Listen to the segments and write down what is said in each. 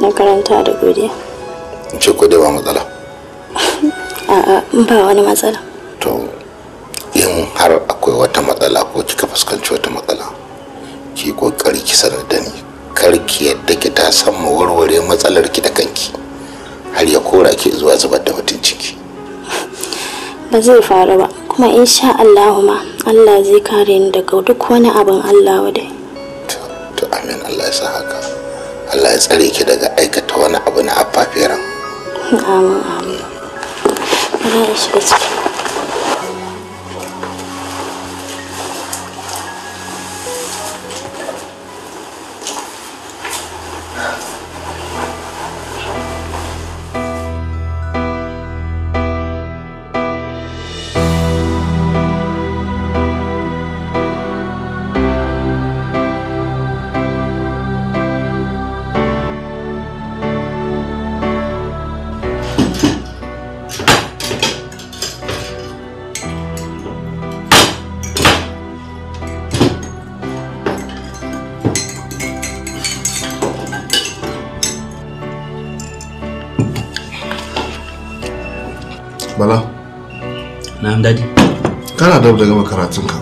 makaranta da godiya ce ko dai ba matsala a'a ba wani matsala to in har akwai wata matsala ko kika fuskanci wata matsala ki kokari ki sanar da ni kar ki yadda ki ta san mu warware matsalar ki da kanki har ya kora ki zuwa zubar da mutuncin ciki. ba zai faru ba kuma insha Allah ma Allah zai kare ni daga duk wani abin Allah wadai to amin Allah ya sa haka Allah ya tsare ki daga aikata wani abu na affafiran amin amin Allah ya shiga cikin. bala na'am dadi kana da daga karatunka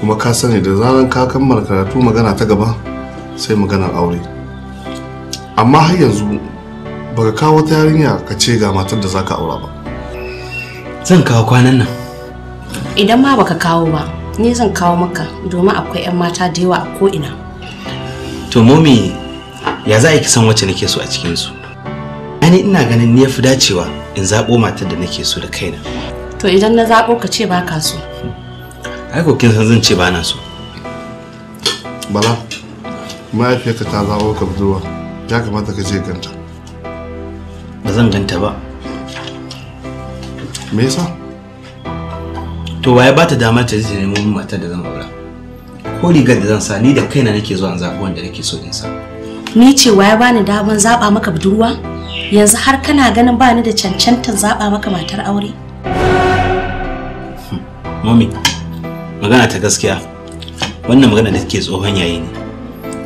kuma ka sani da zaran ka kammala karatu magana ta gaba sai maganar aure amma har yanzu baka kawo ta yarinya ka ce ga matar da zaka aura ba zan kawo kwanan nan idan ma baka kawo ba ni zan kawo maka domin akwai 'yan mata da yawa a ko'ina to momi ya za ki san wacce nake so a cikinsu ani ina ganin ni ya fi dacewa in zaɓo matar da nake so da kaina to idan na zaɓo ka ce ba ka so ai ko kin san zan ce ba na so bala mahaifiyarka ta zaɓo ka budurwa ya kamata ka je ganta ba zan ganta ba me yasa to waye ba ta damar ta zai nemo min matar da zan aura ko rigar da zan sa ni da kaina nake zuwa zaɓo wanda nake so in sa ni ce waye bani daman zaɓa maka budurwa yanzu har kana ganin ba ni da cancantar zaɓa maka matar aure? Mami, hmm. magana ta gaskiya wannan magana da take tsohon yayi ne.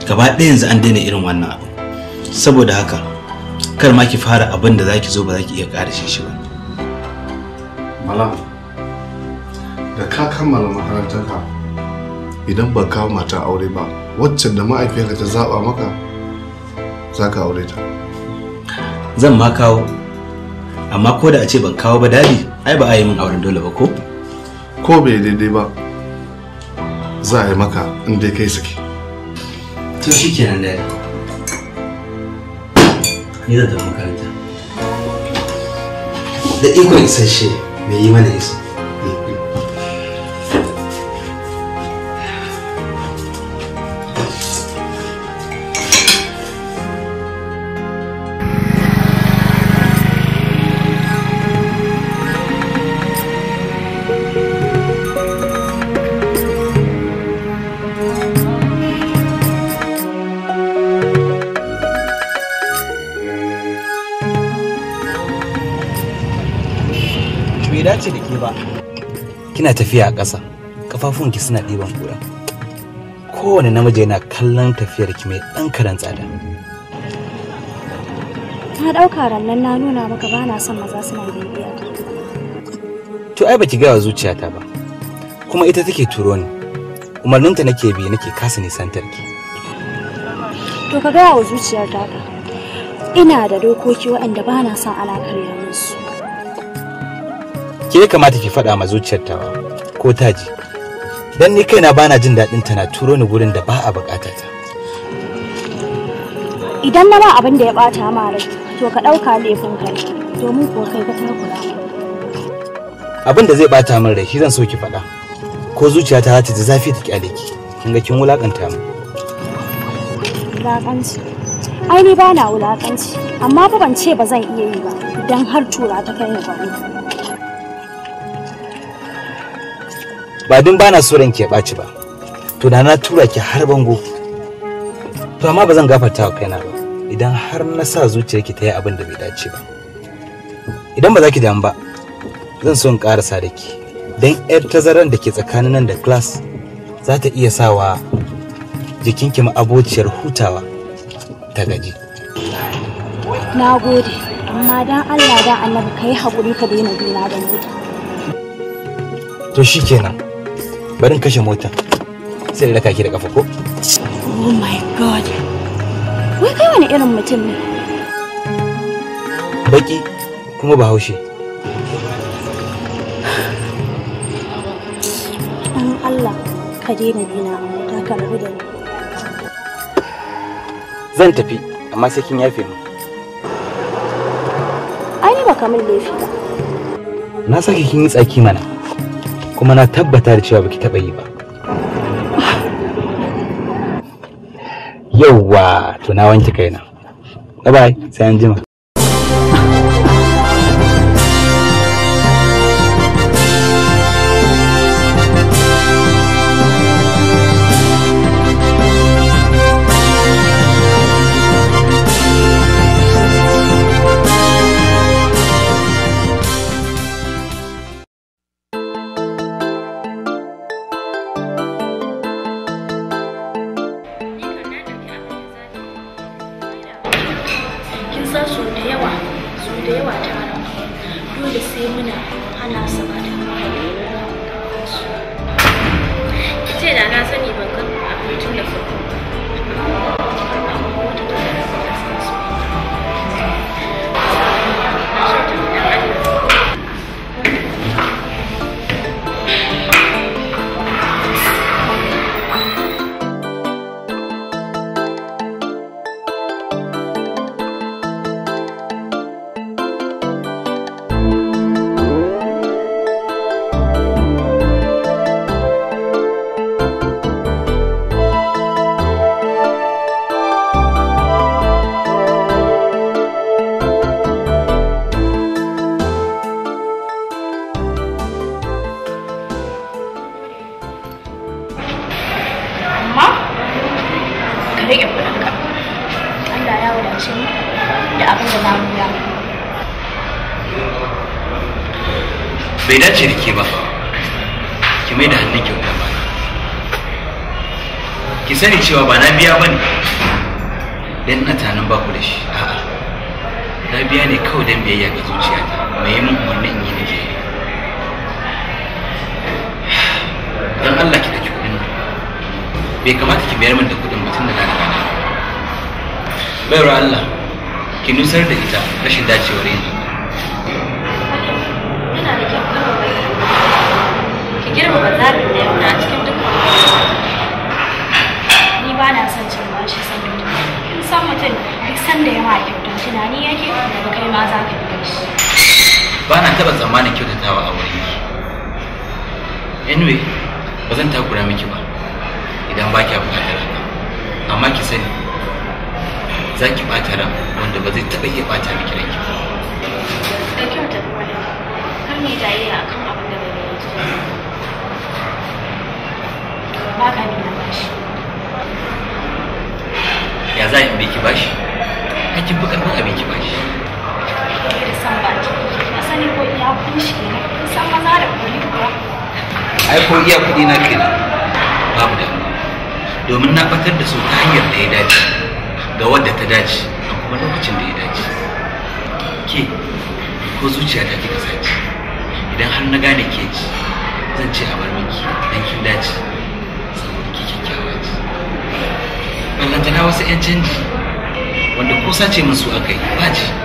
Gaba ɗaya yanzu an daina irin wannan abu. Saboda haka, kar ma ki fara abin da za ki zo ba za ki iya ƙara shi ba. Malam, da ka kammala makarantarka idan ba kawo mata aure ba, wacce da ma'aikiyarka ta zaɓa maka, za ka aure ta. zan ma kawo amma ko da a ce ban kawo ba dadi ai ba a yi min auren dole ba ko ko bai daidai ba za a yi maka in dai kai saki to shi dai dadi ni zan tafi makaranta da ikon isasshe mai yi mana isa kina tafiya a ƙasa kafafunki suna ɗiban ƙura kowane namiji yana kallon tafiyar ki mai ɗan karan tsada na ɗauka rannan na nuna maka ba na son maza suna bibiya to ai baki gaya zuciyata ba kuma ita take turo ni umarninta nake bi nake kasa nisantar ki to ka gaya wa zuciyar ina da dokoki waɗanda ba na son ana karya su. ke ya kamata ki faɗa ma zuciyar ta ko ta ji dan ni kaina bana jin daɗin ta na turo ni gurin da ba a buƙata ta idan na ba abin da ya ɓata ma rai to ka ɗauka laifin kai domin ko kai ka takura abin da zai ɓata min rai shi zan so ki faɗa ko zuciya ta ta ji zafi ta kyale ki kin ga kin wulakanta mu wulakanci ai ni bana wulakanci amma fa ban ce ba zan iya yi ba idan har tura ta kai ni ba ba dun bana so ranki ya ɓaci ba to da na tura ki har bango to amma ba zan gafarta wa kaina ba idan har na sa zuciyarki ta yi abin da bai dace ba idan ba za ki damu ba zan so in karasa da ki don yar tazaran da ke tsakanin nan da class za ta iya sawa jikinki ma'abociyar hutawa ta gaji na gode amma don allah don annabi ka yi haƙuri ka daina juna da mu. to shikenan barin kashe mota sai da raka ki da kafa ko oh my god wai kai wani irin mutum ne baki kuma ba haushe dan Allah ka daina bina ta karbi da ni zan tafi amma sai kin yafe mu ai ba kamar laifi ba na saka kin yi tsaki mana kuma na tabbata da cewa baki taba yi ba yauwa to na wanke kaina bye bye sai an jima bai dace da ke ba ki mai da hannun kyauta ba ki sani cewa ba na biya ba ne don na tanin ba ku da shi a'a na biya ne kawai don biyayya ga ta, mai yi min umarni in yi nake don Allah ki ɗauki kuɗin nan bai kamata ki mayar min da kuɗin mutum da na riga na bayar Allah ki nusar da ita rashin dacewar yin yana da kyau ki girmama zaɓin da yana a cikin dukkan ni ba na son cin bashi san mutum Kin san mutum duk sanda yawa ma kyautar tunani yake da kai ma za ka yi shi ba na taɓa tsammanin kyautatawa a wurin ki anyway ba zan takura miki ba idan ba kya buƙatar amma ki sani za ki ɓata ran wanda ba zai taɓa iya bata miki ranki ba. Da kyau ta kuma da kar yi ne a kan abin da bai yi ba ka nuna bashi. Ya za in biki bashi? Hakin fi karɓar abin ki bashi. Da san baki, na sani ko iya kun shi ne, san na da kuɗi kuwa. Ai ko iya kuɗi na kenan. Babu da domin na fatar da su ta hanyar da ya dace ga wadda ta dace kuma lokacin da ya dace ke ko zuciya ta kika sace idan har na gane ke ci zan ce a bar miki dan kin dace saboda ki kyakkyawa ce ballantana wasu 'yan canji wanda ko sace min su ba ce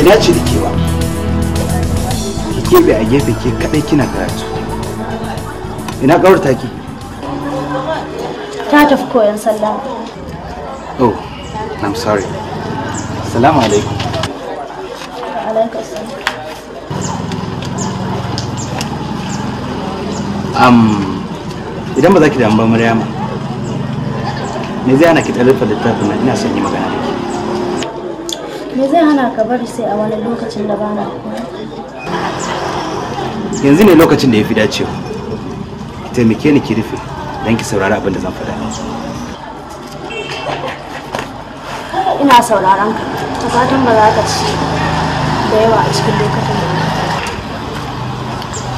bai dace da kewa ki kebe a gefe ke kadai kina karatu ina kawar ki ta tafi koyon sallah. oh i'm sorry assalamu alaikum um, idan ba za ki damu ba maryama me zai ana ki rufe littafin nan ina son yi magana da ke. Me zai hana ka bari sai a wani lokacin da bana Yanzu ne lokacin da ya fi dacewa. Ki taimake ni ki rufe don ki saurari abin da zan faɗa. Ina sauraron ka, ta fatan ba za ka ci da yawa a cikin lokacin da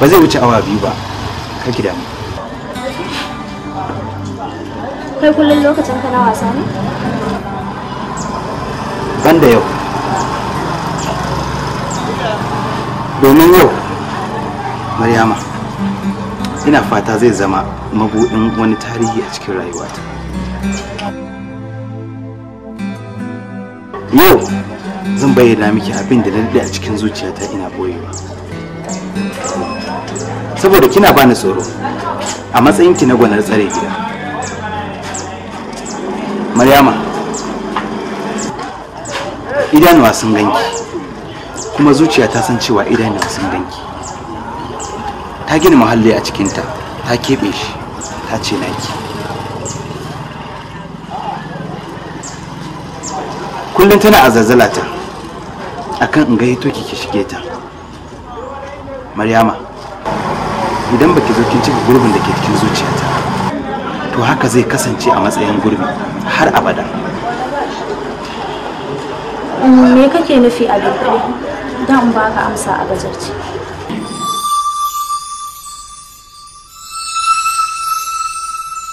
ba zai wuce awa biyu ba ka gida. damu kai kullum lokacin ka na wasa ne banda yau domin yau maryama ina fata zai zama mabuɗin wani tarihi a cikin rayuwata yau zan bayyana miki abin da daɗe a cikin zuciyata ina boyewa saboda kina bani tsoro a matsayinki na gwanar tsare gida maryama idanuwa sun ganki kuma zuciya ta san cewa ne sun danki ta gina muhalli a cikinta ta keɓe shi ta ce naki kullum tana a zazzalata akan in gaito ki ki shige ta maryama idan baki zo kin cika gurbin da ke cikin zuciyata to haka zai kasance a matsayin gurbi har abada me kake nufi a dan ba ka amsa a gajarci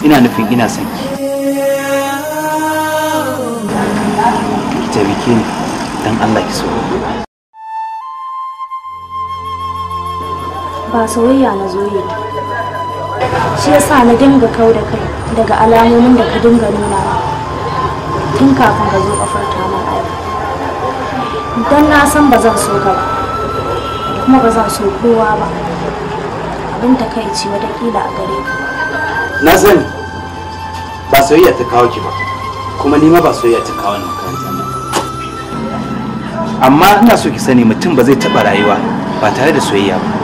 ina nufin ina son ki ki taimake ni dan Allah ki so ba soyayya na zo yi shi yasa na dinga kau da kai daga alamomin da ka dinga nuna tun kafin ka zo kafar ta aiki don na san ba zan so ka ba kuma ba zan so kowa ba abin ta kai ce watakila a gare ka na sani ba soyayya ta kawo ki ba kuma ni ma ba soyayya ta kawo ni makaranta ba amma ina so ki sani mutum ba zai taɓa rayuwa ba tare da soyayya ba